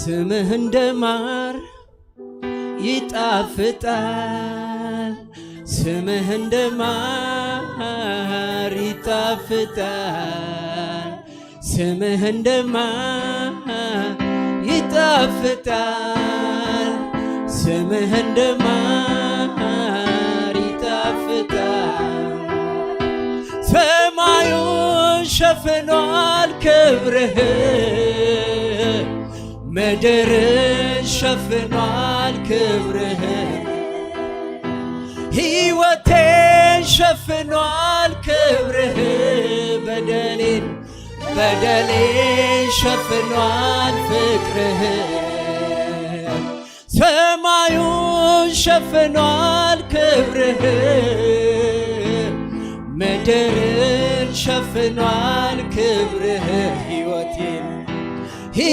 ስምህ እንደ ማር ይጣፍጣል፣ ስምህ እንደ ማር ይጣፍጣል፣ ስምህ እንደ ማር ይጣፍጣል፣ ስምህ እንደ ማር ይጣፍጣል። ሰማዩን ሸፍኗል ክብርህ ምድርን ሸፍኗል ክብርህ ሕይወቴን ሸፍኗል ክብርህ በደሌን በደሌን ሸፍኗል ፍቅርህ ሰማዩን ሸፍኗል ክብርህ ምድርን ሸፍኗል ክብርህ ሕይወት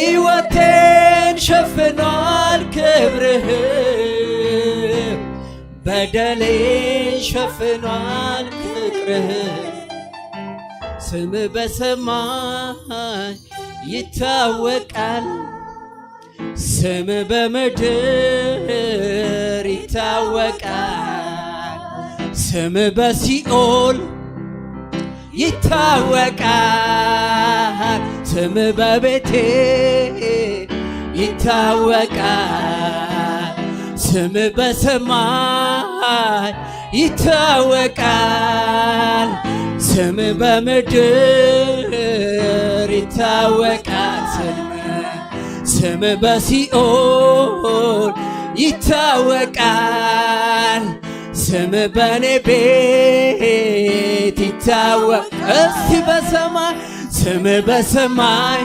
ሕይወቴን ሸፍኗል ክብርህ በደሌን ሸፍኗል ፍቅርህ ስም በሰማይ ይታወቃል ስም በምድር ይታወቃል ስም በሲኦል ይታወቃል ስም በቤቴ ይታወቃል ስም በሰማይ ይታወቃል ስም በምድር ይታወቃል ስም ስም በሲኦል ይታወቃል ስም በኔ ቤት ይታወቃል እስቲ በሰማይ ስም በሰማይ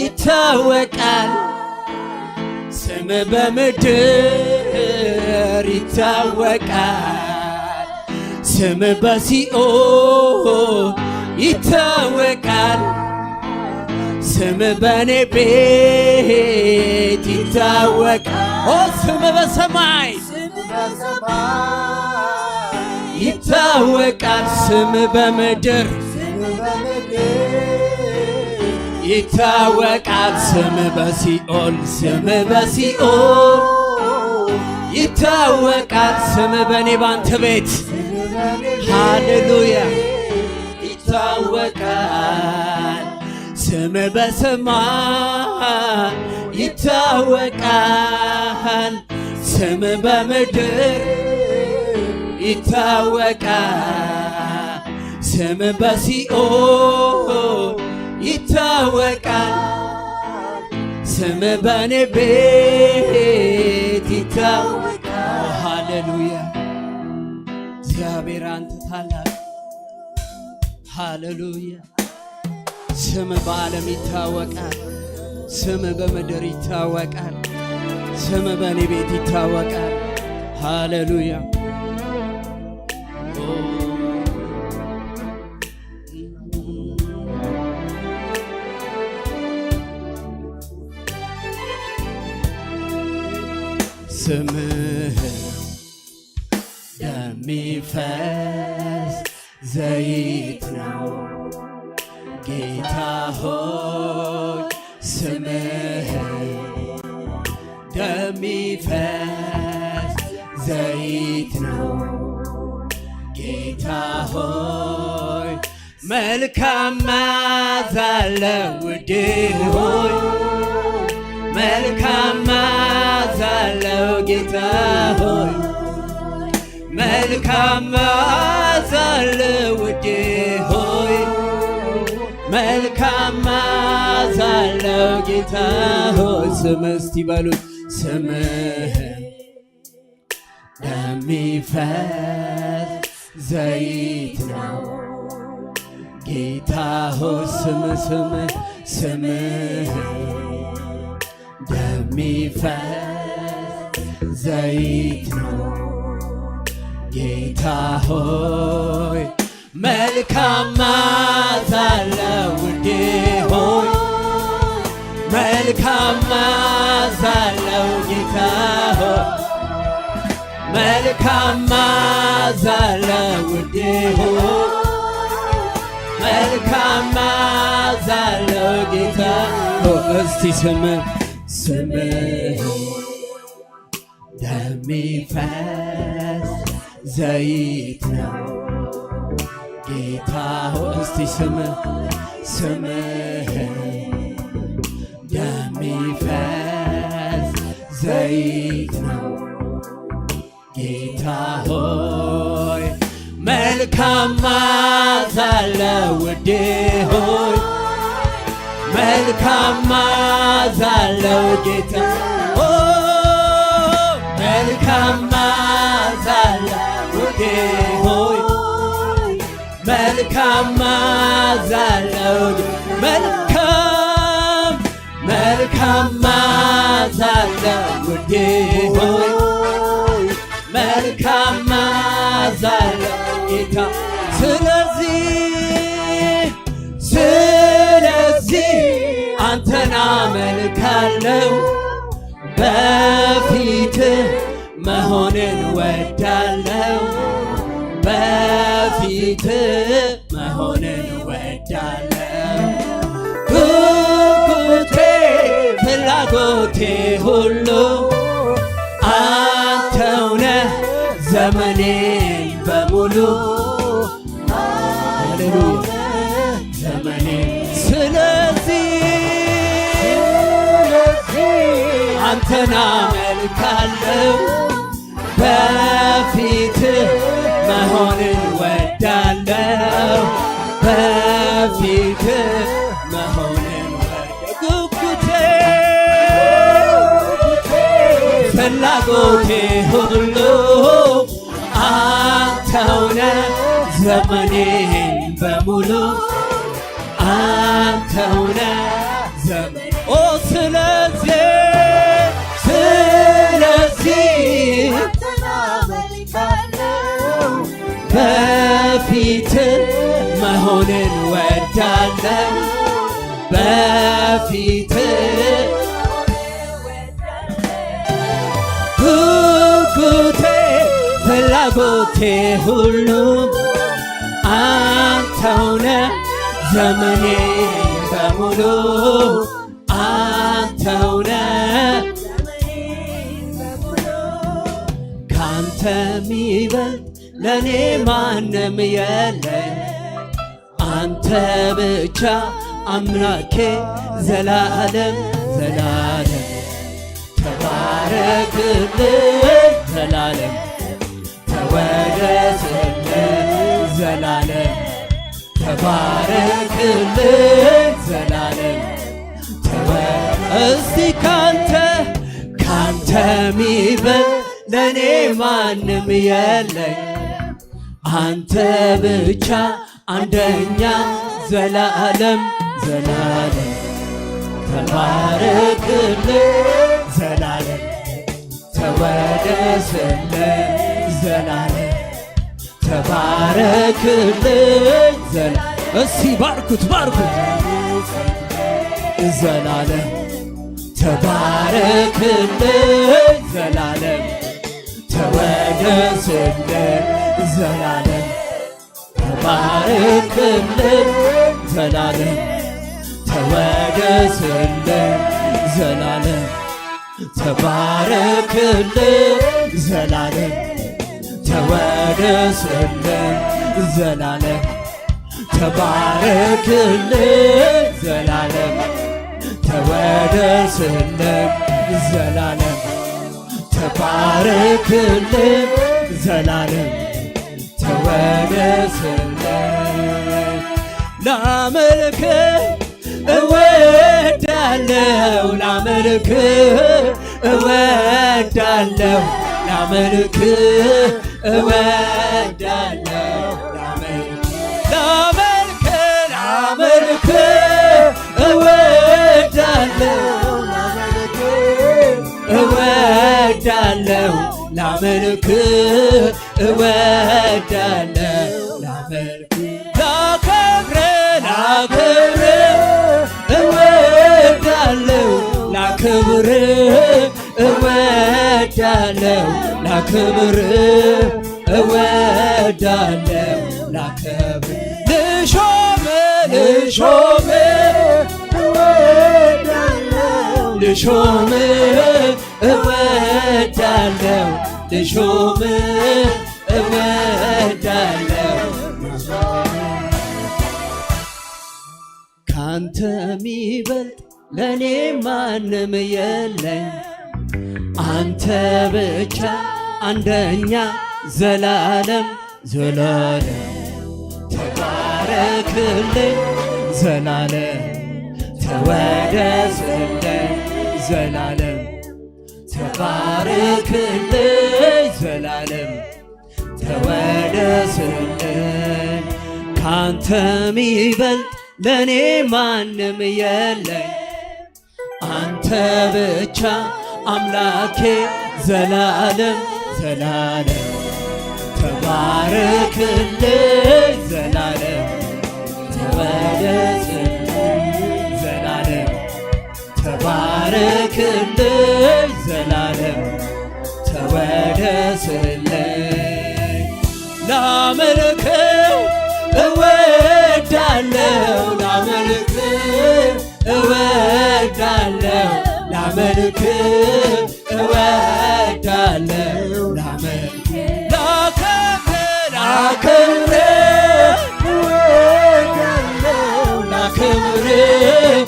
ይታወቃል ስም በምድር ይታወቃል ስም በሲኦ ይታወቃል ስም በኔ ቤት ይታወቃል ኦ ስም በሰማይ ይታወቃል ስም በምድር ይታወቃል ስም በሲኦል ስም በሲኦል ይታወቃል ስም በኔ ባንተ ቤት ሃሌሉያ ይታወቃል ስም በሰማይ ይታወቃል ስም በምድር ይታወቃል ስም በሲኦል ይታወቃል፣ ስም በኔ ቤት ይታወቃል። ሃሌሉያ እግዚአብሔር አንተ ታላቅ ሃሌሉያ። ስም በዓለም ይታወቃል፣ ስም በምድር ይታወቃል፣ ስም በኔ ቤት ይታወቃል። ሃሌሉያ ስምህ የሚፈስ ዘይት ነው ጌታ ሆይ ስምህ የሚፈስ ዘይት ነው ጌታ ሆይ መልካም መዓዛ አለ ውድ ሆይ መልካም መዓዛ አለው ጌታ ሆይ መልካም መዓዛ አለው ውዴ ሆይ መልካም መዓዛ አለው ጌታ ሆይ ስምህ እስቲ በሉት ስምህ የሚፈስ ዘይት ነው ጌታ ሆይ ስምህ ስምህ ስምህ የሚፈስ ዘይት ነው ጌታ ሆይ መልካም መዓዛ አለው ውዴ ሆይ መልካም መዓዛ አለው ጌታ ሆይ መልካም መዓዛ አለው ውዴ ሆይ መልካም መዓዛ አለው ጌታ ሆይ እስቲ ስምን ስምህ ደሚፈስ ዘይት ነው ጌታ ሆይ እስቲ ስምህ ስምህ ደሚፈስ ዘይት ነው ጌታ ሆይ መልካም ማዛለ ውዴ ሆይ መልካም መዓዛ አለው ጌታ መልካም መዓዛ አለው ሆይ መልካም መዓዛ አለው መልካም ሆይ መልካም መዓዛ አለው ጌታ ስለዚህ ስለዚህ አንተን አመልካለው በፊት መሆንን ወዳለው በፊት መሆንን ወዳለው ጉጉቴ ፍላጎቴ ሁሉ አንተውነ ዘመኔን በሙሉ አንተን አመልካለው በፊትህ መሆንን ወዳለው በፊትህ መሆንን ጉጉቴ ፍላጎቴ ሁሉ አንተውነ ዘመኔን በሙሉ አንተው ፊት መሆንን ወዳለው በፊት ጉጉቴ ፍላጎቴ ሁሉ አንተውነ ዘመኔ በሙሉ አንተውነ ካንተ ሚበልጥ ለእኔ ማንም የለኝ አንተ ብቻ አምላኬ ዘላለም ዘላለም ተባረክልን ዘላለም ተወደስልን ዘላለም ተባረክልን ዘላለም እስቲ ካንተ ካንተ ሚበል ለእኔ ማንም የለኝ አንተ ብቻ አንደኛ ዘላለም ዘላለም ተባረክልን ዘላለም ተወደስልን ዘላለም ተባረክልን ዘላ እሲ ባርኩት ባርኩት ዘላለም ተባረክልን ዘላለም ተወደስልን ዘላለም ተባረክልን ዘላለም ተወደስልን ዘላለም ተባረክልን ዘላለም ተወደስልን ዘላለም ተባረክልን ዘላለም ተወደስልን ዘላለም ተባረክልን ዘላለም ወደ ስለ ላመልክ እወዳለው ላመልክ እወዳለው ላመልክ እወዳለው ላመልክ ላመልክ እወዳለው እወዳለው ላመልክ እወዳለሁ ላመልክ ላከብር ላከብር እወዳለሁ ላክብር እወዳለሁ ላክብር እወዳለሁ ላከብር ልሾም ልሾም ልሾም እወዳለሁ ልሾም እወዳለው ካንተ የሚበልጥ ለእኔ ማንም የለኝ አንተ ብቻ አንደኛ ዘላለም ዘላለም ተባረክልኝ ዘላለም ተወደስልኝ ዘላለም ተባረክልኝ ዘላለም ተወደስልን ካንተ ሚበልጥ ለእኔ ማንም የለኝ አንተ ብቻ አምላኬ ዘላለም ዘላለም ተባረክልን ዘላለም ተወደስልን ዘላለም ተባረክልን ዘላለም ተወደስልን ላመልክህ እወዳለሁ ላመልክህ እወዳለሁ ላመልክህ እወዳለሁ ላከብርህ ላከብርህ እወዳለሁ ላከብርህ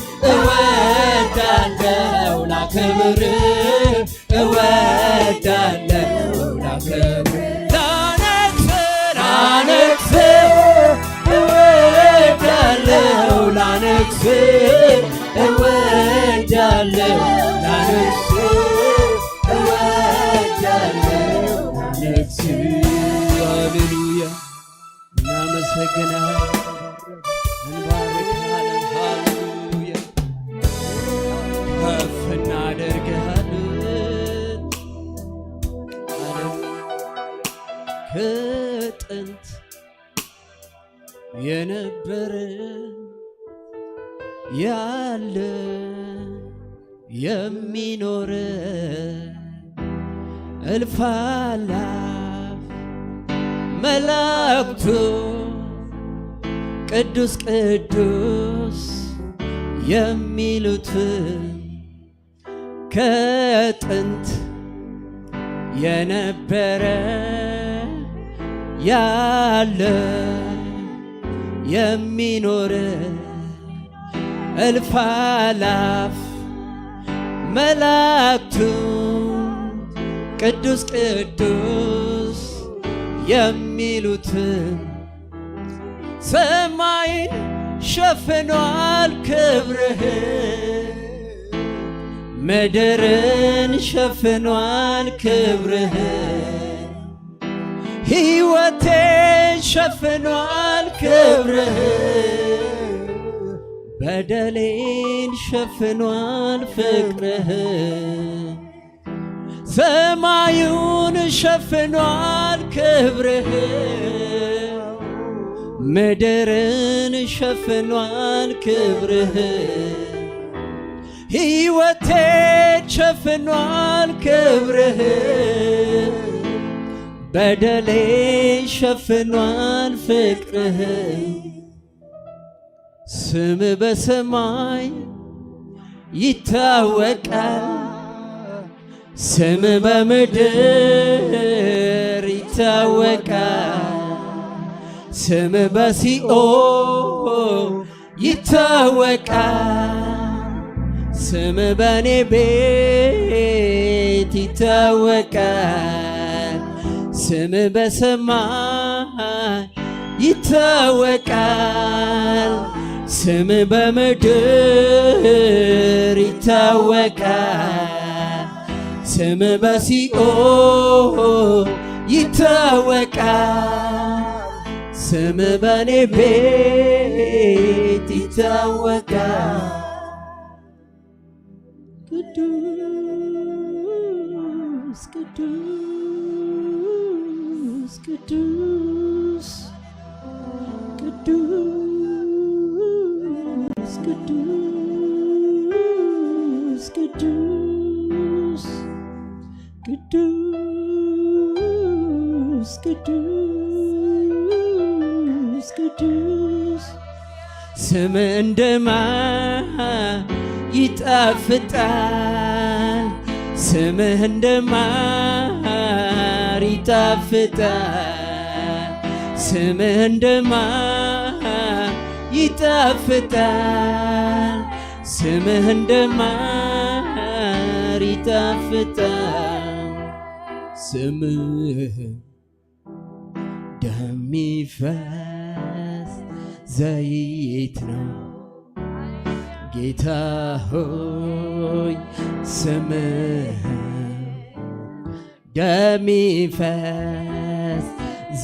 ቅዱስ ቅዱስ የሚሉትን ከጥንት የነበረ ያለ የሚኖር እልፍ አላፍ መላእክቱ ቅዱስ ቅዱስ የሚሉትን ሰማይን ሸፍኗል ክብርህ ምድርን ሸፍኗል ክብርህ ሕይወቴን ሸፍኗል ክብርህ በደሌን ሸፍኗል ፍቅርህ ሰማዩን ሸፍኗል ክብርህ ምድርን ሸፍኗል ክብርህ ሕይወቴን ሸፍኗል ክብርህ በደሌን ሸፍኗል ፍቅርህ ስም በሰማይ ይታወቃል ስም በምድር ይታወቃል ስም በሲኦ ይታወቃል፣ ስም በኔ ቤት ይታወቃል፣ ስም በሰማይ ይታወቃል፣ ስም በምድር ይታወቃል፣ ስም በሲኦ ይታወቃል ስም በኔ ቤት ይታወቃል። ቅዱስ ቅዱስ ቅዱስ ቅዱስ ቅዱስ ቅዱስ ቅዱስ ቅዱስ ቅዱስ ቅዱስ ስም እንደማ ይጣፍጣል ስም እንደማር ይጣፍጣል ስምህ እንደማር ይጣፍጣል ስምህ እንደማር ይጣፍጣል ስምህ ደም ዘይት ነው ጌታ ሆይ ስምህ ደሚፈስ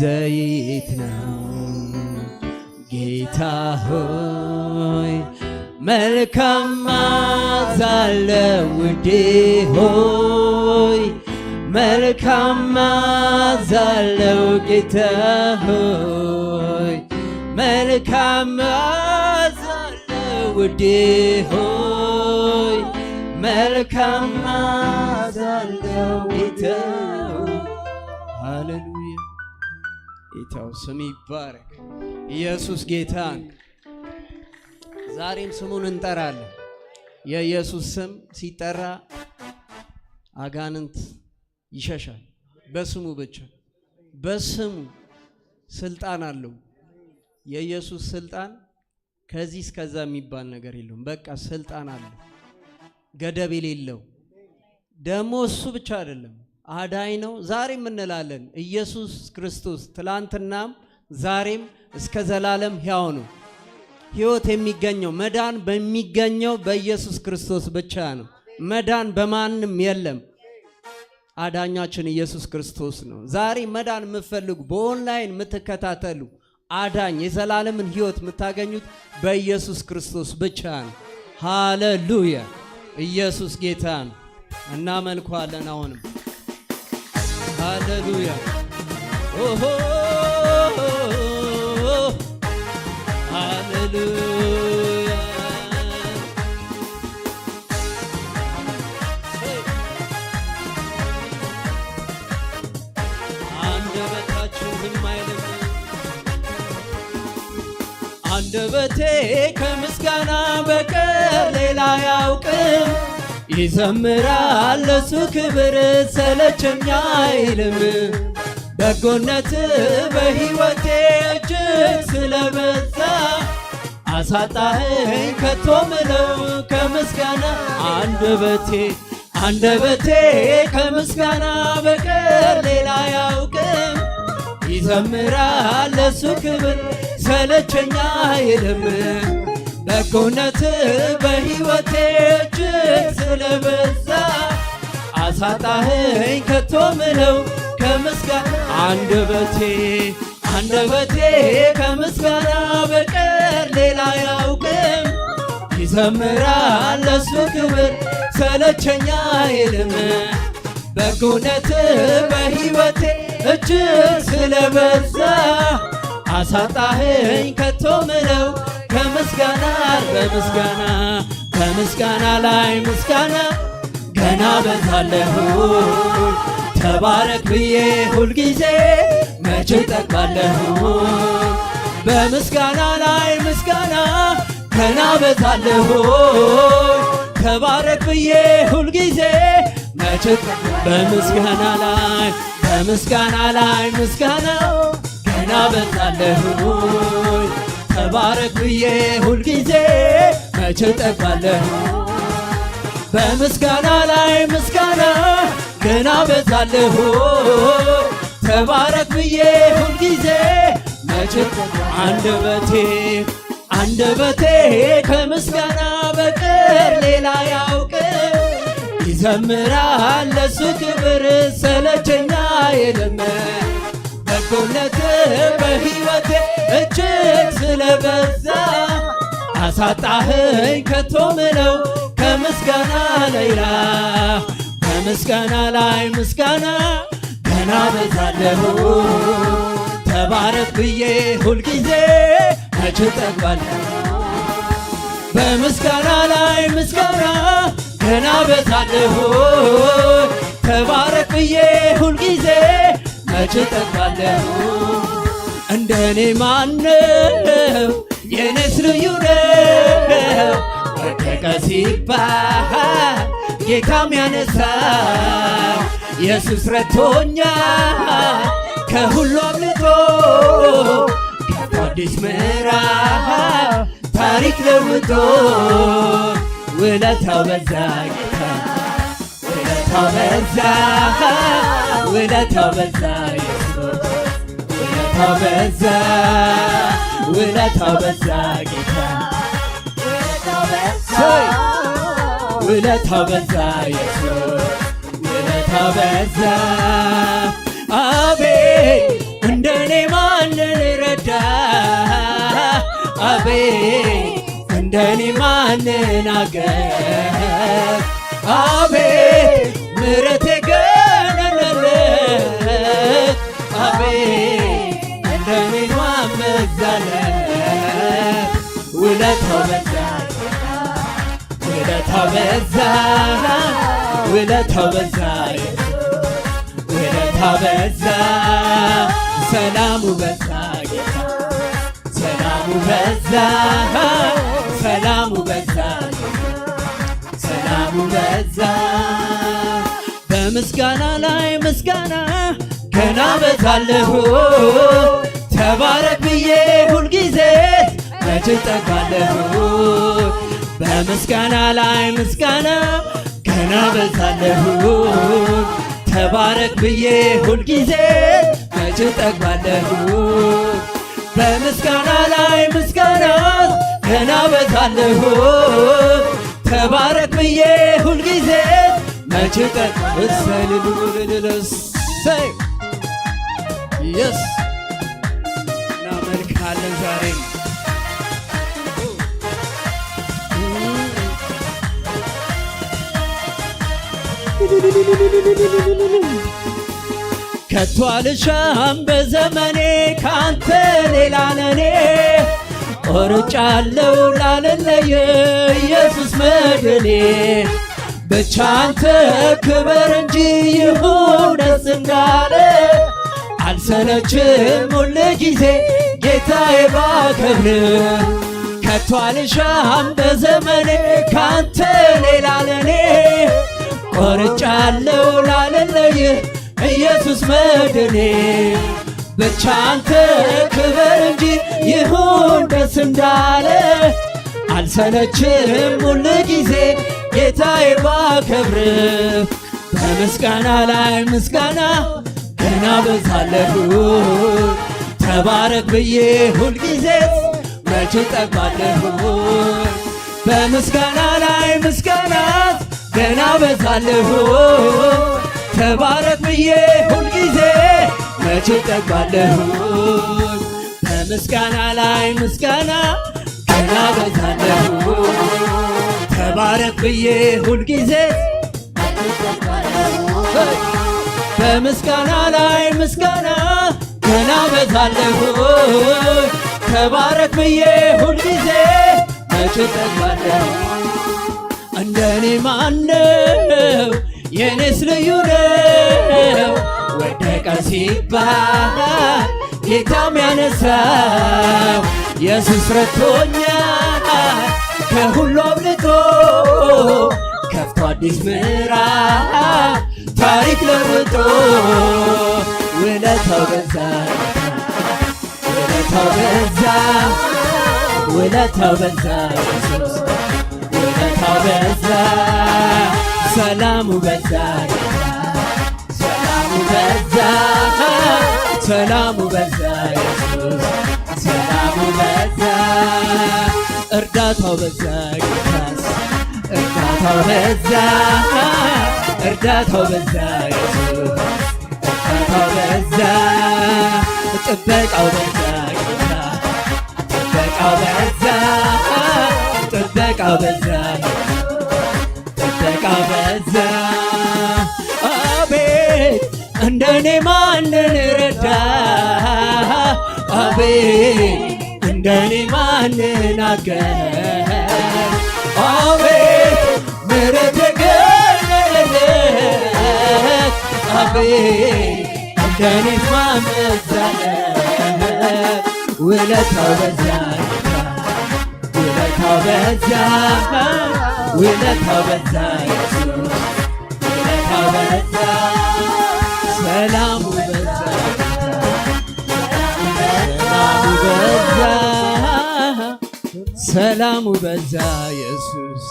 ዘይት ነው ጌታ ሆይ መልካም መዓዛ አለው ውዴ ሆይ መልካም መዓዛ አለው ጌታ ሆይ መልካም መዓዛ አለው ውዴ ሆይ መልካም መዓዛ አለው ጌታው። ሃሌሉያ ጌታው ስም ይባረክ። ኢየሱስ ጌታ ዛሬም ስሙን እንጠራለን። የኢየሱስ ስም ሲጠራ አጋንንት ይሸሻል። በስሙ ብቻ በስሙ ስልጣን አለው። የኢየሱስ ስልጣን ከዚህ እስከዛ የሚባል ነገር የለውም። በቃ ስልጣን አለው፣ ገደብ የሌለው ደግሞ እሱ ብቻ አይደለም፣ አዳኝ ነው። ዛሬም እንላለን ኢየሱስ ክርስቶስ ትላንትናም ዛሬም እስከ ዘላለም ሕያው ነው። ሕይወት የሚገኘው መዳን በሚገኘው በኢየሱስ ክርስቶስ ብቻ ነው። መዳን በማንም የለም። አዳኛችን ኢየሱስ ክርስቶስ ነው። ዛሬ መዳን የምትፈልጉ በኦንላይን የምትከታተሉ አዳኝ የዘላለምን ህይወት የምታገኙት በኢየሱስ ክርስቶስ ብቻ ነው። ሃሌሉያ! ኢየሱስ ጌታ ነው። እናመልኳለን። አሁንም ሃሌሉያ! ኦሆ ሃሌሉያ አንደበቴ ከምስጋና በቀር ሌላ ያውቅም ይዘምራል ለሱ ክብር ሰለቸኛ አይልም። በጎነት በሕይወቴ እጅግ ስለበዛ አሳጣኸኝ ከቶ ምለው ከምስጋና አንደበቴ አንደበቴ ከምስጋና በቀር ሌላ ያውቅም ይዘምራል ለሱ ክብር ሰለቸኛ አይልም በጎነት በሕይወቴ እጅግ ስለበዛ አሳጣህኝ ከቶ ምለው ከምስጋና አንደበቴ አንደበቴ ከምስጋና በቀር ሌላ ያውቅም ይዘምራል ለሱ ክብር ሰለቸኛ አይልም በጎነት በሕይወቴ እጅግ ስለበዛ አሳጣኸኝ ከቶ ምለው ከምስጋና በምስጋና ከምስጋና ላይ ምስጋና ገና በዛለሁ ተባረክ ብዬ ሁልጊዜ መቼ ጠቃለሁ በምስጋና ላይ ምስጋና ገና በዛለሁ ተባረክ ብዬ ሁልጊዜ መቼ በምስጋና ላይ በምስጋና ላይ ምስጋና ምስጋና በዛለሁ ተባረክ ብዬ ሁልጊዜ መቼ ጠግባለሁ በምስጋና ላይ ምስጋና ገና በዛለሁ ተባረክ ብዬ ሁልጊዜ መቼ አንደበቴ አንደበቴ ከምስጋና በቀር ሌላ ያውቅ ይዘምራል ለሱ ክብር ሰለቸኛ የለም አጎለት በሕይወቴ እጅግ ስለበዛ አሳጣኸኝ ከቶ ምለው ከምስጋና ሌላ ከምስጋና ላይ ምስጋና ገና በዛለሁ ተባረክ ብዬ ሁልጊዜ መቼ ጠግባለሁ በምስጋና ላይ ምስጋና ገና በዛለሁ ተባረክ ብዬ ሁልጊዜ መቼ ተካለው እንደኔ እኔ ማነው የኔስ ልዩ ነው ወደቀ ሲባል ጌታም ያነሳ ኢየሱስ ረድቶኛ ከሁሉ አብልጦ አዲስ ምዕራፍ ታሪክ ለውጦ ውለታው በዛ ጌታ ውለታው በዛ ውለታው በዛ ውለታው በዛ ውለታው በዛ ጌታ ውለታው በዛ ኢየሱስ ውለታው በዛ አቤ እንደኔ ማንን ረዳ አቤ እንደኔ ማንን አገር አቤ ምሕረቴ ገነነለት አቤ ውለታው በዛ ውለታው በዛ ውለታው በዛ ውለታው በዛ ሰላሙ ሰላሙ በዛ ሰላሙ በዛ በምስጋና ላይ ምስጋና ገና በዛለሁ ተባረክ ብዬ ሁልጊዜ መቼ ጠግባለሁ በምስጋና ላይ ምስጋና ገና በዛለሁ ተባረክ ብዬ ሁልጊዜ መቼ ጠግባለሁ በምስጋና ላይ ምስጋና ገና በዛለሁ ተባረክ ብዬ ሁልጊዜ መቼ ጠ እሰይ ልልልልልስ ኢየሱስ ከቶ አልሻም በዘመኔ ካንተ ሌላ ነኔ ቆርጫለው ላለለየ ኢየሱስ መድኔ ብቻ አንተ ክበር እንጂ ይሁን ደስ እንዳለ አልሰለችም ሁል ጊዜ ጌታዬ ባከብር ከቶ አልሻም በዘመኔ ካንተ ሌላ ለኔ ቆርጫለው ላለለይ ኢየሱስ መድኔ ብቻ አንተ ክበር እንጂ ይሁን ደስ እንዳለ አልሰለችም ሁል ጊዜ ጌታዬ ባከብር በምስጋና ላይ ምስጋና ገና በዛለሁ ተባረክ ብዬ ሁል ጊዜ መቼ በምስጋና ላይ ምስጋናት ገና በዛለሁ ተባረክ ብዬ ሁልጊዜ መቼ ጠግባለሁ በምስጋና ላይ ምስጋና ገና በዛለሁ ተባረክ ብዬ ሁልጊዜ በምስጋና ላይ ምስጋና ገና በዛለሁ ተባረክ ብዬ ሁልጊዜ መቼ ጠግባለሁ እንደኔ ማነው የኔስ ልዩ ነው ወደቀ ሲባል ጌታም ያነሳው ኢየሱስ ረድቶኛል ከሁሉ አብልጦ ከፍቶ አዲስ ምዕራፍ ታሪክ ለውጦ ውለታው በዛ ውለታው በዛ ውለታው በዛ ውለታው በዛ ሰላሙ በዛ ሰላሙ በዛ ሰላሙ በዛ ሰላሙ በዛ እርዳታው በዛ ጌታስ እርዳታው በዛ እርዳታው በዛ እርዳታው በዛ ጥበቃው በዛ ጥበቃው በዛ በዛ ጥበቃ በዛ አቤት እንደኔ ማንን ረዳ አቤት እንደኔ ማንን አገረ አቤት ምሕረት የገለለት አቤት እንደኔ ማመዛለ ውለታው በዛ ውለታው በዛ ውለታው በዛ ውለታው በዛ ሰላሙ በዛ ሰላሙ በዛ ኢየሱስ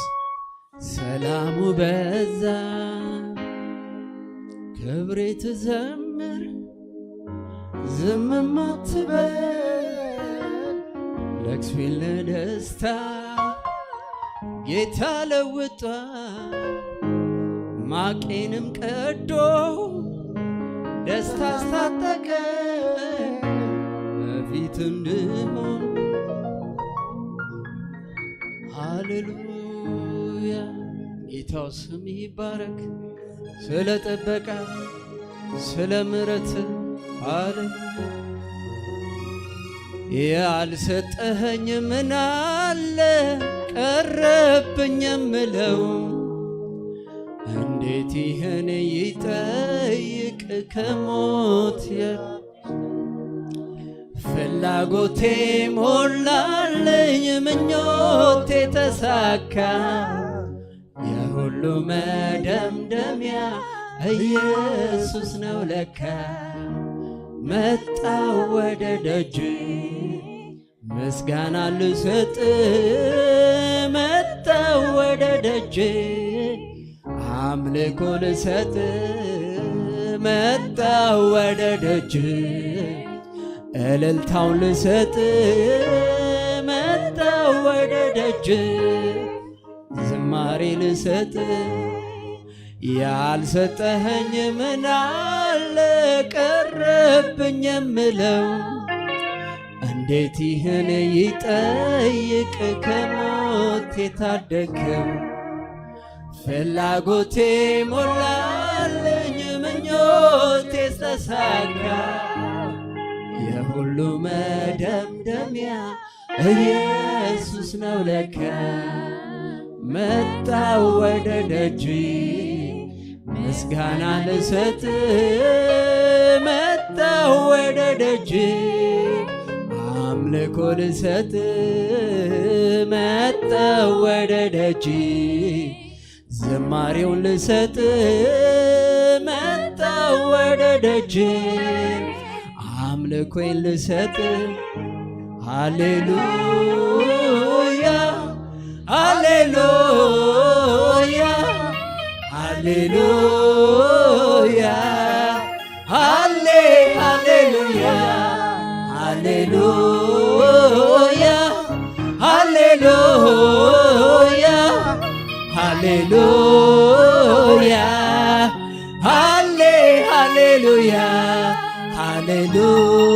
ሰላሙ በዛ ክብሬ ትዘምር ዝምማትበል ለቅሶዬን ለደስታ ጌታ ለውጧል። ማቄንም ቀዶ ደስታ አስታጠቀ በፊት እንድሆን ሃሌሉያ ጌታው ስም ይባረክ ስለ ጥበቃ ስለ ምረት አለ ያልሰጠኸኝ ምን አለ ቀረብኝ ምለው! እንዴት ይህን ይጠይቅ ከሞት ፍላጎቴ ሞላለኝ ምኞቴ ተሳካ የሁሉ መደምደሚያ ኢየሱስ ነው ለካ መጣው ወደ ደጅ ምስጋና ልሰጥ መጣው ወደ ደጅ አምልኮ ልሰጥ መጣው ወደ ደጅ እልልታውን ልሰጥ መጣው ወደ ደጅ ዝማሬ ልሰጥ ያልሰጠኸኝ ምና አለ ቀረብኝ የምለው እንዴት ይህን ይጠይቅ ከሞት የታደገው ፍላጎቴ ሞላልኝ ምኞቴ ተሳካ የሁሉ መደምደሚያ ኢየሱስ ነው ለካ መጣ ወደ ደጅ ምስጋና ልሰጥ መጣሁ ወደ ደጅ አምልኮ ልሰጥ መጣሁ ወደ ደጅ ዝማሬውን ልሰጥ መጣሁ ወደ ደጅ አምልኮን ልሰጥ ሃሌሉያ ሃሌሉያ Hallelujah. Halle, hallelujah. Hallelujah. Hallelujah. Hallelujah. Halle, hallelujah. Hallelujah.